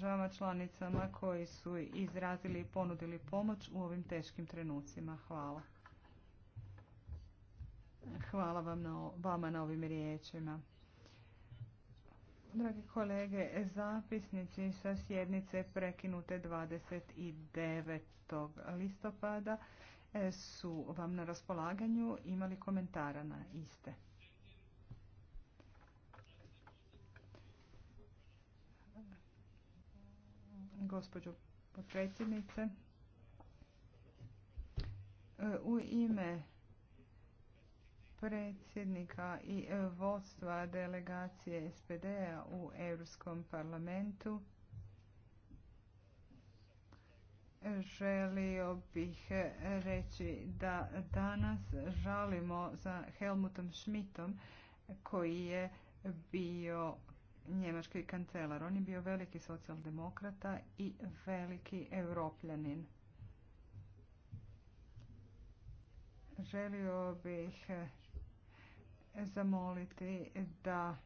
državama članicama koji su izrazili i ponudili pomoć u ovim teškim trenucima. Hvala. Hvala vam na, vama na ovim riječima. Dragi kolege, zapisnici sa sjednice prekinute 29. listopada e, su vam na raspolaganju imali komentara na iste. gospođo potpredsjednice. E, u ime predsjednika i e, vodstva delegacije SPD-a u Europskom parlamentu želio bih e, reći da danas žalimo za Helmutom Schmidtom koji je bio njemački kancelar. On je bio veliki socijaldemokrata i veliki europljanin. Želio bih eh, zamoliti da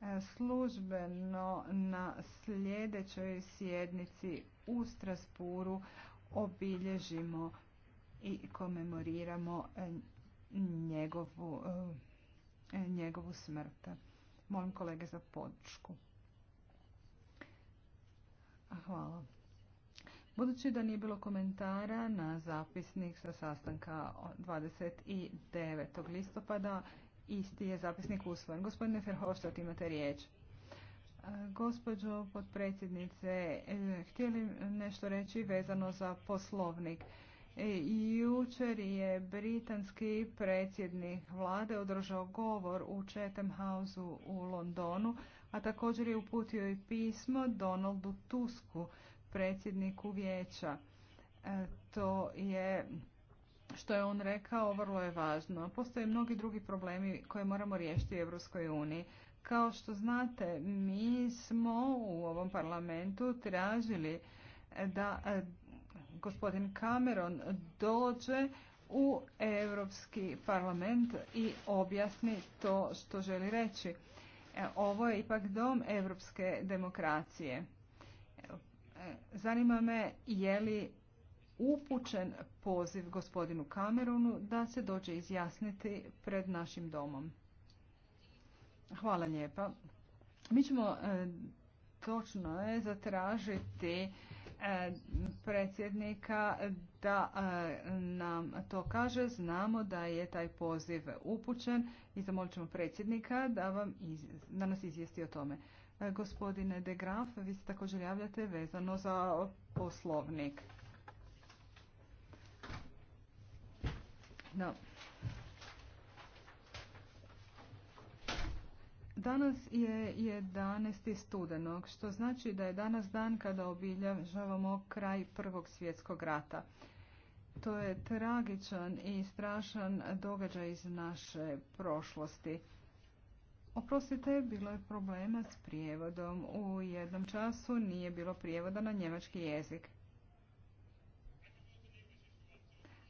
eh, službeno na sljedećoj sjednici u Strasburu obilježimo i komemoriramo eh, njegovu, njegovu Molim kolege za podršku. Hvala. Budući da nije bilo komentara na zapisnik sa sastanka 29. listopada, isti je zapisnik usvojen. Gospodine Ferhoštat, imate riječ. Gospođo potpredsjednice, htjeli nešto reći vezano za poslovnik. E, jučer je britanski predsjednik vlade održao govor u Chatham Houseu u Londonu, a također je uputio i pismo Donaldu Tusku, predsjedniku vijeća. E, to je što je on rekao vrlo je važno. Postoje mnogi drugi problemi koje moramo riješiti u Europskoj uniji. Kao što znate, mi smo u ovom parlamentu tražili da gospodin Cameron dođe u Europski parlament i objasni to što želi reći. E, ovo je ipak dom europske demokracije. E, zanima me je li upućen poziv gospodinu Cameronu da se dođe izjasniti pred našim domom. Hvala lijepa. Mi ćemo e, točno je zatražiti predsjednika da e, nam to kaže. Znamo da je taj poziv upućen i zamolit ćemo predsjednika da, vam iz, nas izvijesti o tome. E, gospodine De Graf, vi se također javljate vezano za poslovnik. No. Danas je 11. studenog, što znači da je danas dan kada obilježavamo kraj Prvog svjetskog rata. To je tragičan i strašan događaj iz naše prošlosti. Oprostite, bilo je problema s prijevodom. U jednom času nije bilo prijevoda na njemački jezik.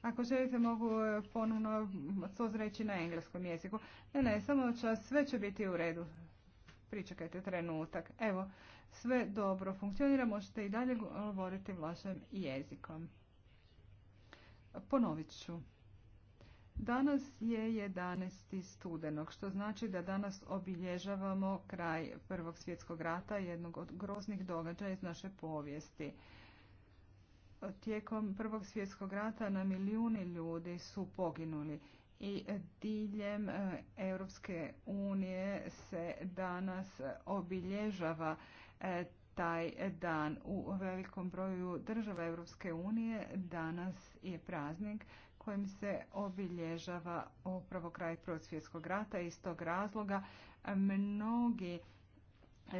Ako želite mogu e, ponovno to na engleskom jeziku. Ne, ne, samo čas, sve će biti u redu. Pričekajte trenutak. Evo, sve dobro funkcionira, možete i dalje govoriti vašim jezikom. Ponovit ću. Danas je 11. studenog, što znači da danas obilježavamo kraj Prvog svjetskog rata, jednog od groznih događaja iz naše povijesti. Tijekom Prvog svjetskog rata na milijuni ljudi su poginuli i diljem e, Europske unije se danas obilježava e, taj dan. U velikom broju država Europske unije danas je praznik kojim se obilježava upravo kraj Prvog svjetskog rata. Iz tog razloga e, mnogi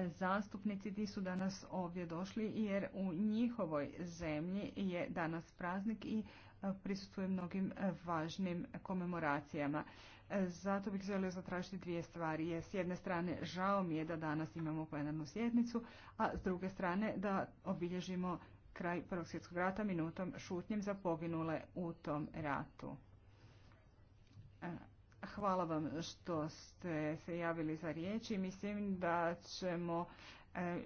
zastupnici ti su danas ovdje došli jer u njihovoj zemlji je danas praznik i e, prisutuje mnogim e, važnim komemoracijama. E, zato bih želio zatražiti dvije stvari. S jedne strane, žao mi je da danas imamo plenarnu sjednicu, a s druge strane da obilježimo kraj Prvog svjetskog rata minutom šutnjem za poginule u tom ratu. Hvala vam što ste se javili za riječ i mislim da ćemo e,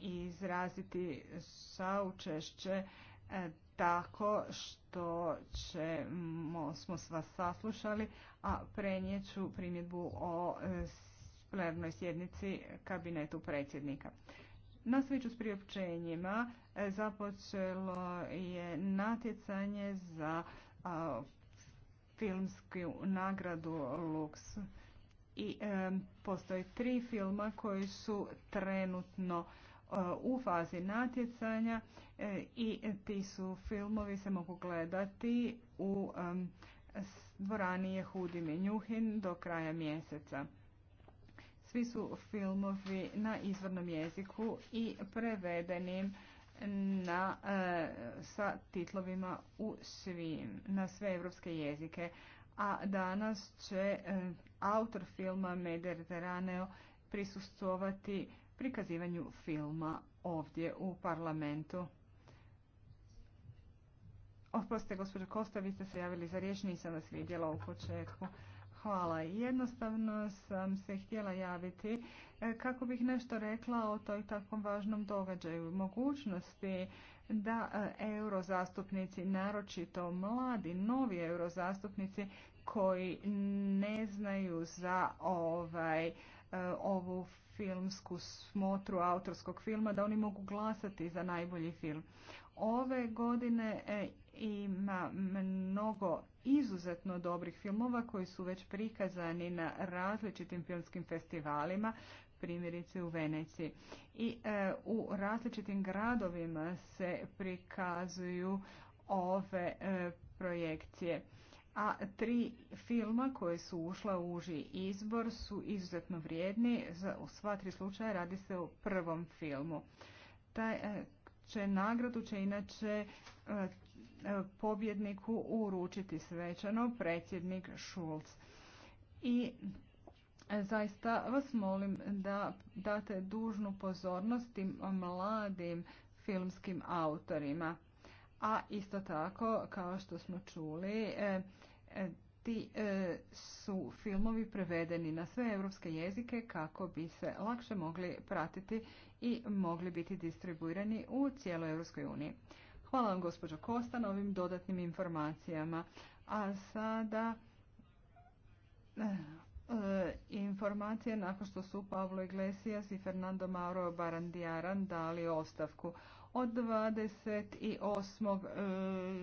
izraziti saučešće e, tako što ćemo, smo s vas saslušali, a prenijeću primjedbu o e, plenarnoj sjednici kabinetu predsjednika. Na sviču s priopćenjima započelo je natjecanje za filmsku nagradu Lux. I postoje tri filma koji su trenutno e, u fazi natjecanja e, i ti su filmovi se mogu gledati u dvorani Jehudi Menjuhin do kraja mjeseca. Svi su filmovi na izvornom jeziku i prevedenim na, e, sa titlovima u svim, na sve evropske jezike. A danas će e, autor filma Mediterraneo prisustovati prikazivanju filma ovdje u parlamentu. Oprostite, gospođo Kosta, vi ste se javili za riječ, nisam vas vidjela u početku. Hvala. Jednostavno sam se htjela javiti e, kako bih nešto rekla o toj takvom važnom događaju. Mogućnosti da e, eurozastupnici, naročito mladi, novi eurozastupnici koji ne znaju za ovaj e, ovu filmsku smotru autorskog filma da oni mogu glasati za najbolji film. Ove godine ima mnogo izuzetno dobrih filmova koji su već prikazani na različitim filmskim festivalima, primjerice u Veneciji. I e, u različitim gradovima se prikazuju ove e, projekcije. A tri filma koje su ušla u uži izbor su izuzetno vrijedni. Za, u sva tri slučaja radi se o prvom filmu. Taj e, će nagradu će inače E, pobjedniku uručiti svečano predsjednik Šulc. I e, zaista vas molim da date dužnu pozornost tim mladim filmskim autorima. A isto tako, kao što smo čuli, e, ti su filmovi prevedeni na sve europske jezike kako bi se lakše mogli pratiti i mogli biti distribuirani u cijeloj Europskoj uniji. Hvala vam gospođo Kosta na ovim dodatnim informacijama. A sada eh, informacije nakon što su Pavlo Iglesias i Fernando Mauro Barandijaran dali ostavku. Od 28.